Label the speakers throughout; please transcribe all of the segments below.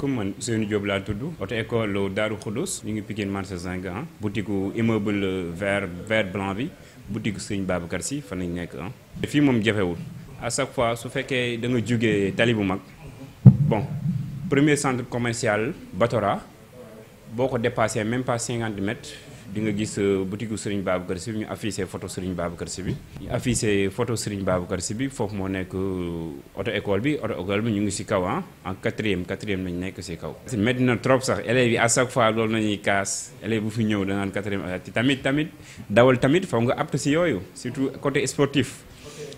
Speaker 1: comme man Ousseynou Diop laa tudd auto école Daaru Khoudoss ñu ngi Pikine marché Zinc boutique immeuble vert vert blanc bi boutique Sëñ Babacar si fan lañ nekk ah. fii moom jafewul à chaque fois su fekkee da nga jugee tali bu mag bon premier centre commercial Batora boo ko dépassé même pas 50 mètres. di nga gis euh, boutique Serigne Babacar Sy bi ñu affiché photo Serigne Babacar Sy bi. ñu affiché photo Serigne Babacar Sy bi foofu moo nekk euh, auto école bi auto école bi ñu ngi si kaw ah en quatrième quatrième lañu nekk si kaw. metti na trop sax élèves yi à chaque fois loolu nañuy kaas élèves bu fi ñëw danaan quatrième euh, tamit tamit dawal tamit foog nga apte si yooyu surtout côté sportif.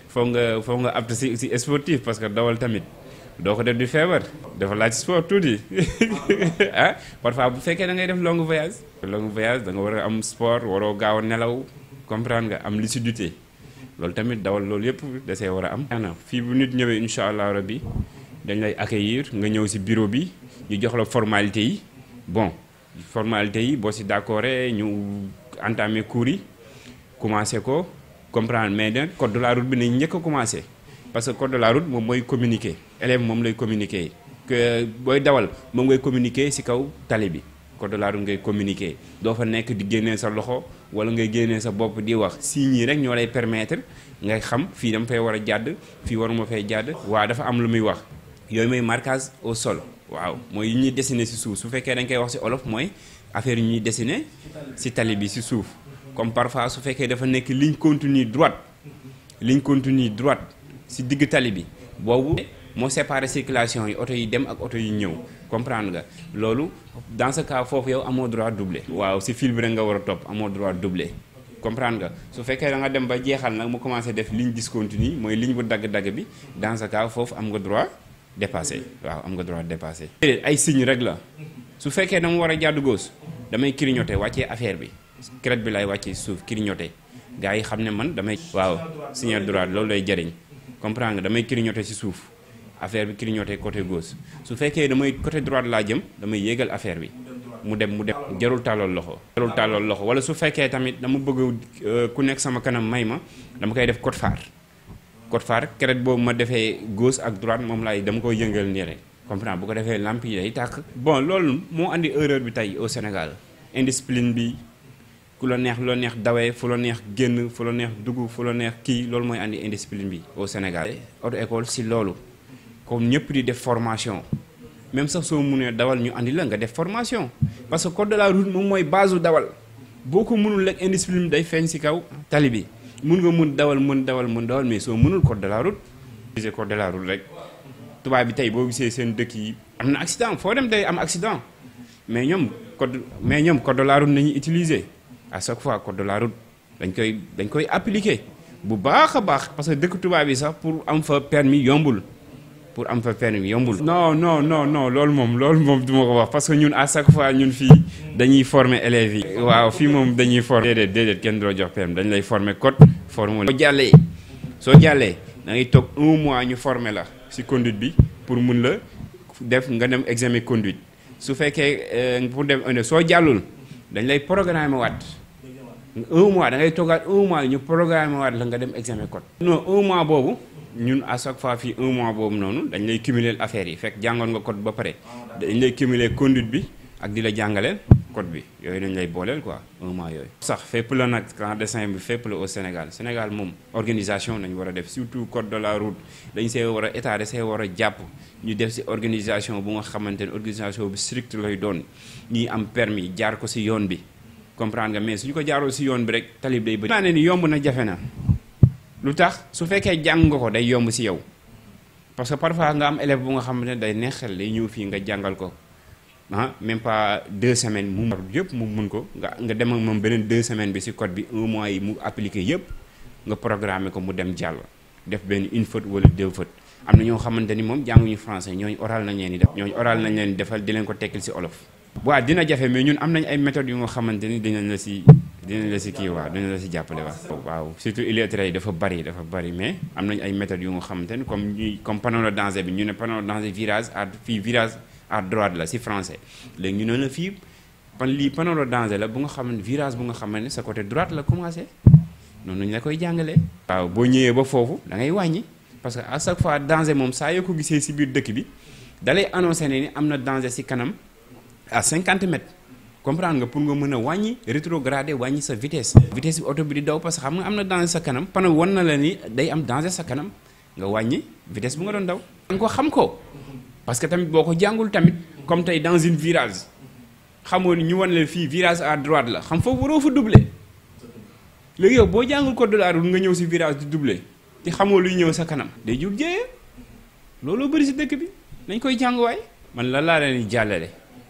Speaker 1: foog nga foog nga apte si si sportif parce que dawal tamit. doko ko def di feebar dafa laaj sport tuuti ah parfois bu fekkee da ngay def long voyage long voyage da nga war a am sport waroo gaaw nelaw comprendre nga am lucidité loolu tamit dawal loolu yëpp dasee war a am ana fii bu nit ñëwee incha allah rabbi dañ lay accueillir nga ñëw si bureau bi ñu jox la formalité yi bon formalité yi boo si d'accord ñu entamer cours yi commencé ko comprendre mais nag code de la route bi nañ njëkk a commencé parce que code de la route mom moy communiquer élève mom lay communiquer que boy dawal mom ngay communiquer ci kaw talé bi code de la route ngay communiquer do fa nek di génné sa loxo wala ngay génné sa bop di wax signes rek ñoo lay permettre ngay xam fi dama fay wara jadd fi fii waruma fay jadd wa dafa am lu muy wax yoy mooy marquage au sol waaw moy yi ñuy dessiner ci souf su fekkee dañ koy wax ci olof moy affaire yi ñuy dessiner ci talé bi ci souf comme parfois su fekkee dafa nek ligne continue droite ligne continue droite si digg tali bi circulation yi auto yi dem ak yi comprendre nga dans ce cas fofu yow un droit doubler waaw si fil rek nga wara vous avez droit doubler comprendre nga su fekkee da nga dem ba mu commencé def ligne discontinue moy ligne bu dag dag bi dans ce cas vous am nga droit dépasser. waaw am nga droit dépassé ay signe rek la su un dama à a Vous avez damay droit affaire bi crédit bi lay à suuf clignoter avez droit lay comprendre nga damay clignoter ci suuf affaire bi clignoter côté gos su fekkee damay côté droite laa jëm damay yéegal affaire bi mu dem mu dem jarul tàllal loxo jarul tàllal loxo wala su fekkee tamit dama bëgg euh, ku nekk sama kanam may ma dama koy def cote phare cote phare crête boobu ma defee gos ak droite moom laay dama koy yëngal nii rek comprendre bu ko defee lamp yi day tàkk bon loolu moo andi erreur bi tey au Sénégal indiscipline bi ku la neex loo neex dawee fu la neex l'olmoi fu la neex neex andi indiscipline bi au Sénégal. auto école si lolo. comme a di def formation même sax soo mënee dawal ñu andi la nga def formation parce que code de la route moom mooy base dawal beaucoup ko mënul indiscipline day feeñ si kaw tali bi mun nga mun dawal mën dawal mën dawal mais soo mënul code de la route. utiliser code de la route rek tubaab bi tey boo gisee seen dëkk yi am accident foo dem day am accident mais ñoom code mais ñoom code de la route n'est utiliser à chaque fois code de la route dañ koy dañ koy appliquer bu baax a baax parce que dëkk tubaab bi sax pour am fa permis yombul pour am fa permis yombul. non non non non loolu moom loolu moom duma ko wax parce que ñun à chaque fois ñun fii dañuy former élèves yi. waaw fii moom dañuy former. déedéet déedéet kenn du la jox permis dañ lay former code former. soo jàllee soo jàllee da ngay toog un mois ñu former la si conduite bi pour mun la def nga dem examen conduite su fekkee euh, pour dem un soo jàllul dañ lay programmer waat. un mois da ngay toogaat un mois ñu programme waat la nga dem examen code. non un mois boobu ñun à chaque fois fii un mois boobu noonu dañ lay cumuler affaire yi fekk jàngoon nga code ba pare dañ lay cumuler conduite bi ak di la jàngaleel code bi yooyu dañ lay booleel quoi un mois yooyu. sax fépp la nag clandestin bi fépp la au Sénégal Sénégal moom organisation nañ war a def surtout code de la route dañ see war a état da see war a jàpp ñu def si organisation bu nga xamante ne organisation bu strict lay doon ñuy am permis jaar ko si yoon bi. comprendre nga mais suñu ko jaaroo si yoon bi rek talib day bëri. maa ne ni yomb na jafe na lu tax su fekkee jàng ko day yomb si yow parce que parfois nga am élève bu nga xam ne day neexal day ñëw fii nga jàngal ko ah même par deux semaines mu mën yëpp mu mun ko nga nga dem moom beneen deux semaines bi si code bi un mois yi mu appliqué yëpp nga programmer ko mu dem jàll def benn une faute wala deux fautes am na ñoo xamante ni moom jànguñu français ñooñu oral nañ leen di def ñooñ oral nañ leen defal di leen ko tekkil si olof. waaw dina jafe mais ñun am nañ ay méthodes yu nga xamante ni dinañ la si dinañ la si kii waaw dinañ la si jàppale waaw. waaw surtout illettrés yi dafa bari dafa bari mais am nañ ay méthodes yu nga xamante ni comme ñuy comme panneau de danger bi ñu ne panneau de danger virage à fii virage à droite la si français léegi ñu ne la fii pan lii panneau de danger la bu nga xam virage bu nga xam ne sa côté droite la commencé noonu ñu la koy jàngalee. waaw boo ñëwee ba foofu da ngay wàññi parce que à chaque fois danger moom saa yoo ko gisee si biir dëkk bi dalay annoncer annoncé ne ni am na danger si kanam. à cinquante mètres comprendre nga pour nga mën a wàññi rétrogradé wàññi sa vitesse vitesse bi oto bi di daw parce que xam nga am na danger sa kanam panneau bi wan na la ni day am danger sa kanam nga wàññi vitesse bu nga doon daw danga ko xam ko parce que tamit boo ko jàngul tamit comme tey dans une virage xamoo ni ñu wan leen fii virage à droite la xam foofu waroo fa duble léegi yow boo jàngul ko de la route nga ñëw si virage di doubler te xamoo luy ñëw sa kanam day jur jéyee looloo bëri si dëkk bi nañ koy jànguwaay man lan laa leen jàllale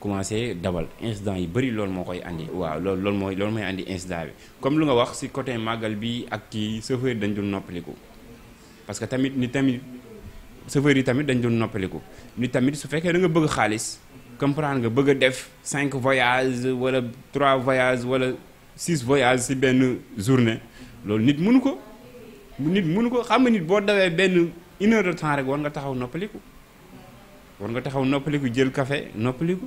Speaker 1: commencé dabal incident yi bëri lool mo koy andi. waaw lool lool mooy lool mooy andi incident bi comme lu nga wax si côté magal bi ak kii chauffeur dañ dul noppaliku parce que tamit ni tamit chauffeur yi tamit dañ dul noppaliku ni tamit su fekkee da nga bëgg xaalis comprendre nga bëgg def 5 voyages wala 3 voyages wala 6 voyages si benn journée loolu nit mënu ko nit mënu ko xam nga nit boo dawee benn une heure de temps rek war nga taxaw noppaliku war nga taxaw noppaliku jël café noppaliku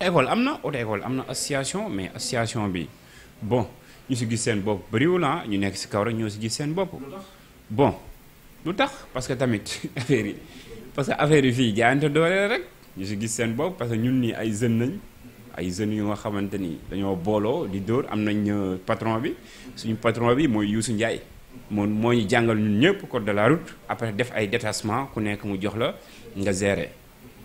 Speaker 1: école am auto école amna association mais association bi bon ñu gis ah, ñu nekk bon lutax parce que tamit affaire yi parce que affaire yi fi Nous doole rek ñu Nous gis parce que ñun ni ay jeune nañ ay jeunes dañoo di euh, patron bi suñu patron bi ñun ñëpp de la route après def ay détachement ku nekk mu jox la nga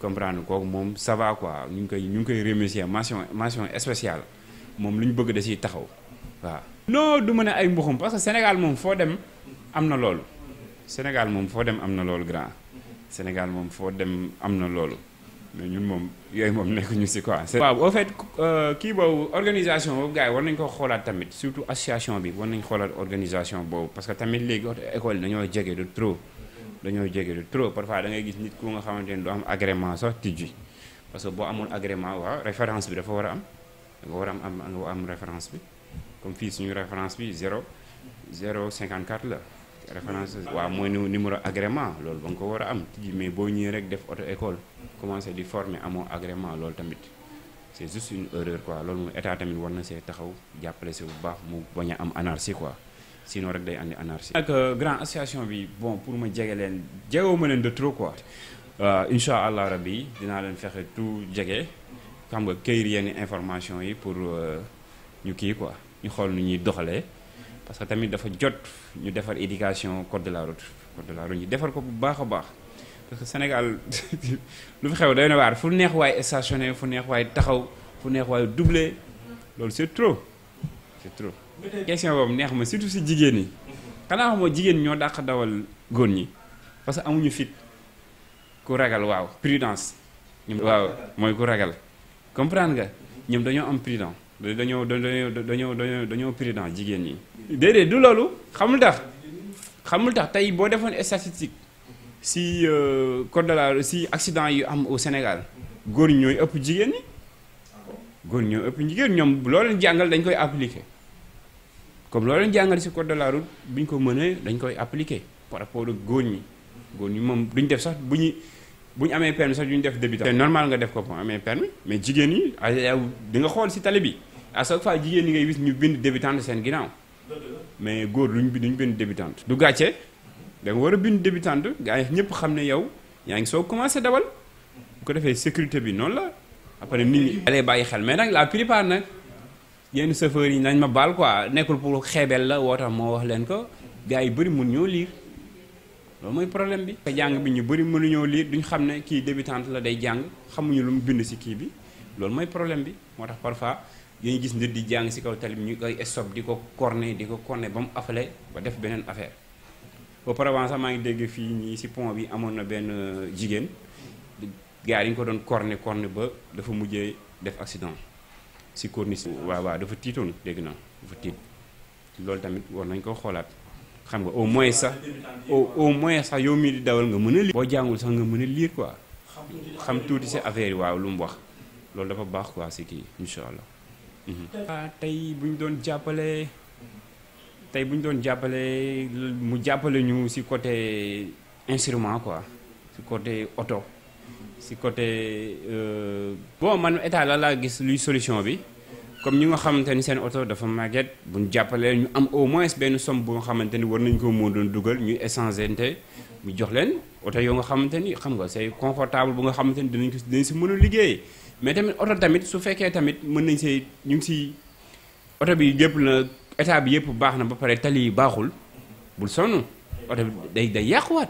Speaker 1: comprendre kooku moom ça va quoi ñu ngi koy ñu ngi koy remercier mention mention spéciale moom lu ñu bëgg da ciy taxaw waaw. non du ma ne ay mbuxum parce que Sénégal moom foo dem am na loolu Sénégal moom foo dem am na loolu grand Sénégal moom foo dem am na loolu mais ñun moom yooyu moom nekk ñu si quoi. waaw au fait euh, kii boobu organisation boobu gars yi war nañ ko xoolaat tamit surtout association bi war nañ xoolaat organisation boobu parce que tamit léegi école yi dañoo jege de trop. dañoo jege trop parfois da gis nit ku nga xamante ni du am agrément sax tijji parce que boo amul agrément waaw référence bi dafa war a am nga war a am nga am référence bi comme fii suñu référence bi 0 0 54 la. référence waaw mooy numéro agrément loolu ba nga ko war a am tijji mais boo ñëwee rek def auto école commencé di former amoo agrément loolu tamit c'est juste une erreur quoi loolu mooy état tamit war na see taxaw jàppale si bu baax mu bañ a am anarchie quoi. sinon rek day andi anarchie. ak euh, grand association bi bon pour ma jege leen jegewoo ma leen de trop quoi euh inshallah rabi dina len fexé tout jege xam nga këyit yenn information yi pour euh, ñu ki quoi ñu xol nu ñuy doxalee parce que tamit dafa jot ñu defar éducation code de la route code de la route ñu defar ko bu baaxa baax. parce que Sénégal lu fi xew day na war fu neex way stationné fu neex way taxaw fu neex way doubler loolu c'est trop c'est trop question bobu neex ma surtout jigéen xanaa xamoo jigéen ñoo dàq dawal góor ñi parce que amuñu fit ku ragal waaw prudence. ñoom waaw mooy ku ragal comprendre nga ñoom dañoo am prudent dañoo dañoo dañoo dañoo prudent jigéen ñi. déedéet du loolu xamul tax xamul tax tey boo defoon statistique si euh, la si accident yu am au Sénégal góor ñooy ëpp jigéen ñi góor ñooy ëpp jigéen ñoom jàngal dañ koy appliquer comme loolu lañ jàngale ci code de la route bu ñu ko mënee dañ koy appliquer par rapport ak góor ñi góor ñi moom duñ def sax bu ñu bu ñu amee permis sax duñ def débutant. c'est normal nga def ko bu amee permis mais jigéen ñi ay di nga xool ci tali bi à chaque fois jigéen ñi ngay gis ñu bind débutante seen ginnaaw mais góor luñ bind duñ bind débutante. du gàcce da nga war a bind débutante gaa yi ñëpp xam ne yow yaa ngi soo commencé dawal bu ko defee sécurité bi noonu la après nit ñi. dalee bàyyi xel mais nag la plupart nag. yenn chauffeurs yi nañ ma baal quoi nekkul pour xeebel la woo tax moo wax leen ko gars yi bëri mun ñoo liir loolu mooy problème bi. te jàng ñu bëri mënuñoo liir duñ xam ne kii débutante la day jàng xamuñu lu mu bind ci kii bi loolu mooy problème bi moo tax parfois dañuy gis nit di jàng ci kaw tali bi ñu koy stop di ko corner di ko corner ba mu afale ba def beneen affaire. auparavant sax maa ngi dégg fii nii ci pont bi amoon na benn euh, jigéen gars yi dañu ko doon corner corner ba dafa mujjee def accident. si corniche waa waaw dafa tiitoon dégg naa dafa tiit loolu tamit war nañ ko xoolaat xam nga au moins sax au au moins sax yow mii di dawal nga mën a lire. boo jàngul sax nga mën a lire quoi xam tuuti si affaire yi waaw lu mu wax loolu dafa baax quoi si kii incha allah. waaw mhm. ah, tey bu ñu doon jàppale tey bu doon jàppale mu jàppale ñu si côté instrument quoi si côté oto. si côté euh, bon man état la laa gis luy solution bi comme ñu nga xamante ni seen oto dafa màgget bu ñu jàppalee ñu am au moins benn somme bu nga xamante ni war nañ ko moo doon dugal ñu nte mu jox leen oto yoo nga xamante ni xam nga c'est confortable bu nga xamante ni dinañ ko dinañ si mën a liggéey mais tamit oto tamit su fekkee tamit mën nañ see ñu ngi si oto bi yëpp na état bi yëpp baax na ba pare tali baaxul bul sonn oto bi day day yàquwaat.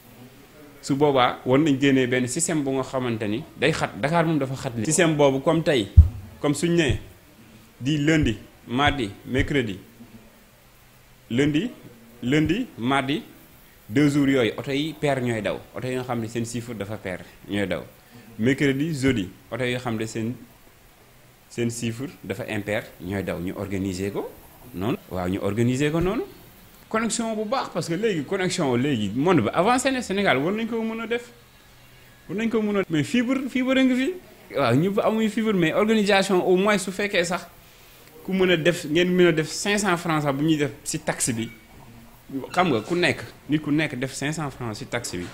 Speaker 1: su vous avez système bu nga day xat Dakar dafa xat système comme tay comme suñ lundi mardi mercredi lundi lundi mardi deux jours yoy auto yi paire ñoy daw auto yi nga chiffre dafa paire daw mercredi jeudi auto yi nga chiffre dafa impair ñoy daw ñu organiser ko ñu organiser ko connexion bu parce que léegi connexion léegi monde avant avancé Sénégal On nañ ko def war nañ ko mais fibre fibre a fi ñu fibre mais organisation au moins su fekkee sax ku mën def ngeen mën def 500 francs sax bu ñuy def si taxe bi xam nga ku nekk nit ku nekk 500 francs si taxe bi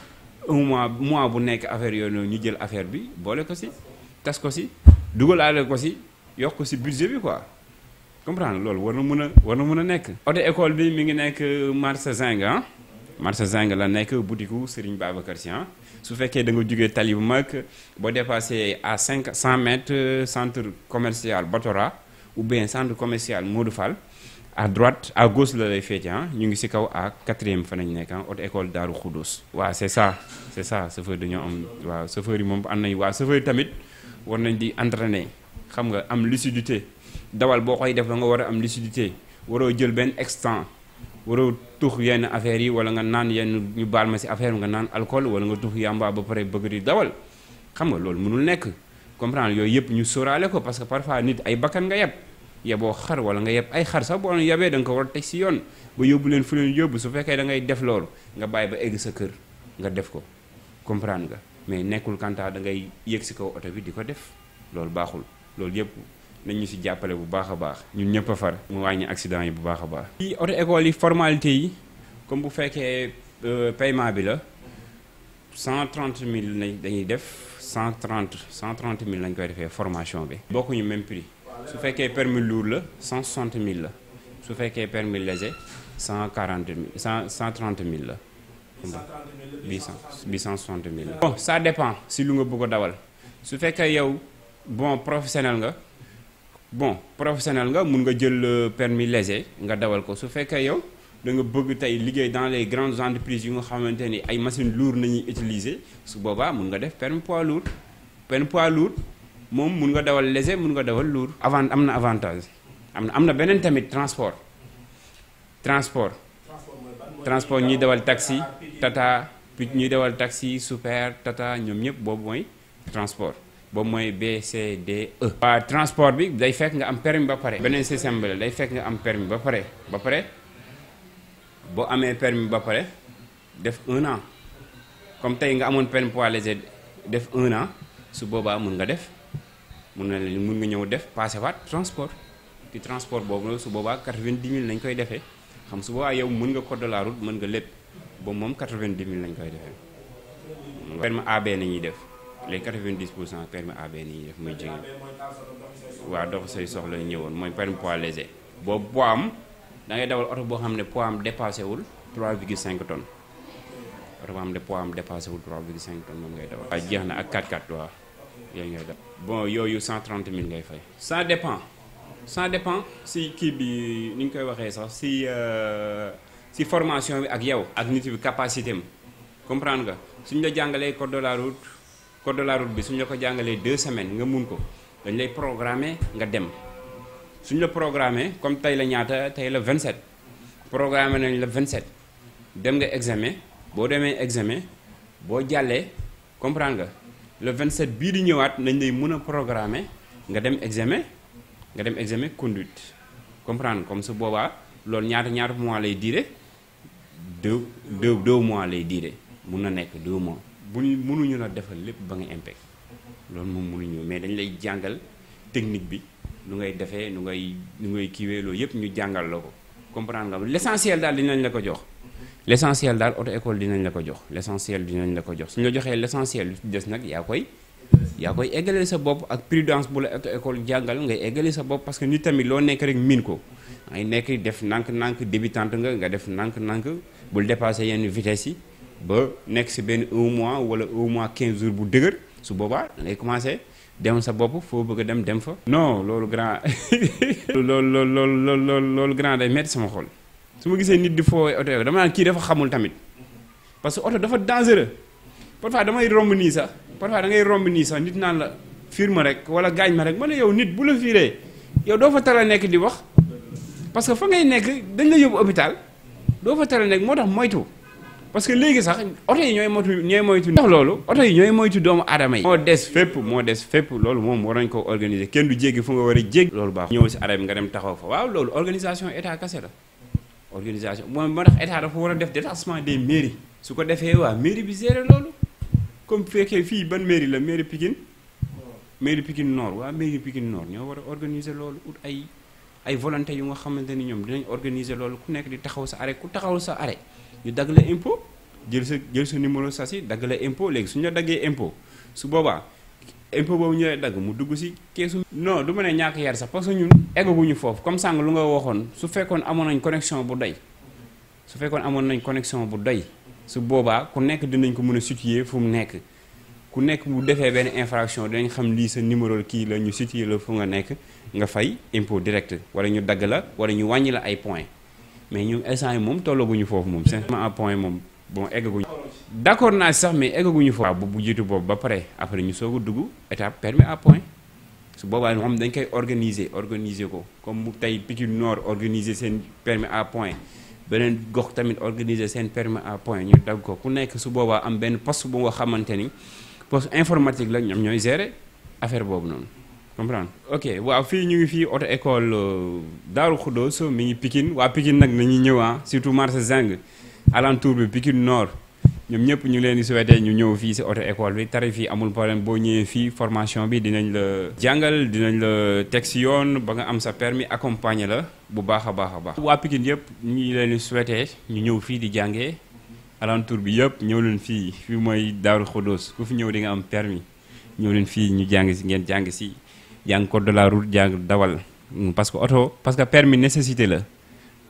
Speaker 1: un mois mois bu nekk affaire yooyu ñu jël affaire bi boole ko si tas ko si dugalaale ko si yokk budget bi quoi comprendre loolu war na mën a war na mën a nekk. oto école bi mi ngi nekk euh, marsa zinga ah marché Zinc la nekk boutique Serigne Babacar Sy ah. su fekkee da nga jógee tali bu mag boo dépassé à cinq cent mètres euh, centre commercial Batora ou bien centre commercial modoufal à droite à gauche la lay féete ah ñu ngi si kaw à quatrième fa nañ nekk ah haute école Daaru Khoudous. waaw c' est ça c' est ça chauffeur dañoo am waaw chauffeur yi moom am nañu waaw chauffeur yi tamit war nañ di entraîner xam nga am lucidité. dawal boo koy def la nga war a am lucidité waroo jël benn extant waroo tux yenn affaires yi wala nga naan yenn ñu baal ma si affaire nga naan alcool wala nga tux yàmba ba pare bëgg di dawal xam nga loolu mënul nekk comprendre yooyu yëpp ñu sóoraale ko parce que parfois nit ay bakkan nga yeb yeboo xar wala nga yeb ay xar sax boo yebee da nga ko war a teg si yoon ba yóbbu leen fu leen yóbbu su fekkee da ngay def loolu nga bàyyi ba egg sa kër nga def ko comprendre nga mais nekkul kantaa da ngay yëg si kaw oto bi di ko def loolu baaxul loolu yëpp Nous avons appelé à la barre. Nous ne pouvons pas faire un formalité, comme vous faites, le paiement est 130 000. 130 000, il y a une formation. Il y a beaucoup même prix. que le permis est 160 000. Ce qui que le permis est léger, 130 000. 860 000. Ça dépend si vous avez beaucoup de temps. Ce qui fait que vous avez un bon professionnel, bon professionnel nga mën nga jël euh, permis léger nga dawal ko su fekkee yow nga bëgg tey dans les grandes entreprises yu nga xamante ay machines lourdes nañuy utiliser su boobaa mën nga def permis poids lourd permis poids lourd moom mën nga dawal léger mën nga dawal lourd avant am avantage am na transport transport transport ñuy dawal taxi tata puis dawal taxi super tata ñoom ñëpp transport ba mooy BCDE. waa transport bi day fekk nga am permis ba pare. beneen système bi la day fekk nga am permis ba pare ba pare boo amee permis ba pare def un an comme tey nga amoon permis poids léger def un an su boobaa mun nga def mun na leen mun nga ñëw def passé waat transport ci transport boobu su boobaa quatre-vingt-dix mille lañ koy defe xam su boobaa yow mën nga code de la route mën nga lépp ba moom quatre-vingt-dix mille lañ koy defee. permis AB nañuy def. les 90 permettent à permis AB nii daf may jóge waaw dox say soxla ñëwoon mooy permis poids léger boobu poids da ngay poids am dépassé wul 3,5 tonnes oto boo xam poids am dépassé wul 3,5 tonnes moom ngay dawal. waaw jeex ak 4 4 waaw yooyu bon 130 000 ça dépend ça dépend si kii bi ni si euh, si formation bi ak yow. ak nit bi capacité comprendre nga suñ la jàngalee de la route. code de la route bi suñu la ko jàngalee deux semaines nga mun ko dañ lay programmer nga dem suñu la programmer comme tey la ñaata tey la 27 programmer nañ la 27 dem nga examen boo demee examen boo jàllee comprendre nga vingt 27 bii di ñëwaat nañ lay mun a programmer nga dem examen nga dem examen conduite comprendre comme su boobaa loolu ñaata ñaata mois lay diire deux deux deux mois lay diire mun na nekk deux mois. l'essentiel l'essentiel. mënuñu la defal lépp ba nga impact loolu moom mënuñu mais dañ lay jàngal technique bi nu ngay defee nu ngay nu ngay ñu jàngal la comprendre nga l' daal dinañ la école dinañ jox dinañ jox des koy yaa koy sa ak prudence bu école jàngal ngay égaler sa bopp parce que ñu tamit loo nekk rek min ko ngay nekk def nank nank nga nga def nank nank dépasser yenn vitesse 15 next si un mois wala un mois 15 jours pour dëgër su boba da commencé dem sa bopp foo bëgg dem non grand loolu le grand day metti sama xol vous nit di parce que vous dafa dangereux parfois il sax parfois da ngay sax nit la rek wala ma rek parce que fa ngay dañ la hôpital, fa tala parce que léegi sax oto yi ñooy moytu ñooy moytu ndax loolu oto yi ñooy moytu doomu aadama yi moo des fépp moo des fépp loolu moom war nañ ko organiser kenn du jéggi fu nga war a jéggi loolu baax ñëw si arab bi nga dem taxaw fa waaw loolu organisation état kase la organisation moom moo tax état dafa war a def détachement des mairies su ko defee waa mairie bi gérer loolu comme fekkee fii ban mairie la mairie Pikine mairie Pikine noor waa mairie Pikine Nord ñoo war a organiser loolu ut ay ay volonté yu nga xamanteni ñom dinañ organiser lolu ku nekk di taxaw sa arrêt ku taxaw sa arrêt ñu dagg la impôt jël sa jël sa numéro sasi si dagg la impôt léegi suñu la impôt su boba impôt boobu ñu lay mu dugg ci keesu. non duma ne ñàkk yar sax parce que ñun eggaguñu foofu comme sang lu nga waxon su fekkon amon nañ connexion bu doy su fekkon amon nañ connexion bu doy su boba ku nekk dinañ ko mëna situer fu mu nekk ku nek bu defé ben infraction dañ xam li sa numéro ki la ñu situé le fu nga nek nga fay impôt direct wala ñu dagg la wala ñu wàññi la ay points mais ñu instant mom tolo tollaguñu fofu mom sincèrement à point mom bon eggaguñu d'accord na sax mais eggaguñu foofu waaw bu jitu bob ba pare après ñu soog a dugg étape permis à point su boobaa am dañ koy organiser organiser ko comme mu tay Pikine Nord organiser sen permis à point benen gox tamit organiser sen permis à point ñu dagg ko ku nekk su boobaa am benn poste bu nga xamante ni poste informatique la ñom ñoy gérer affaire bobu non comprendre ok waaw fii ñu ngi fii auto école euh, daru Xudoos mi ngi Pikine waa Pikine nag nañuy ñëw ah surtout marché Zing alentour bi Pikine Nord ñoom ñëpp ñu leen di souhaité ñu ñëw fii si auto école bi tarif yi amul problème boo ñëwee fii formation bi dinañ la jàngal dinañ la teg si yoon ba nga am sa permis accompagner la bu baax a baax a baax waa Pikine yëpp ñu leen di souhaité ñu ñëw fii di jàngee alentour bi yëpp ñëw leen fii fii mooy Daaru Khodos ku fi ñëw di nga am permis ñëw leen fii ñu jàng si ngeen jàng si jàng code de la route jàng dawal mm, parce que oto parce que permis nécessité la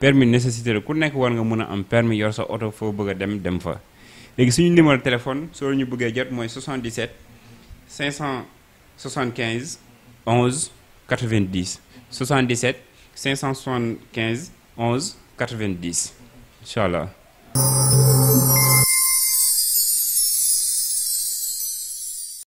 Speaker 1: permis nécessité la ku nekk war nga mën a am permis yor sa oto foo bëgg a dem dem fa léegi suñu numéro téléphone soo ñu bëggee jot mooy 77 575 11 90 77 575 11 90 inshallah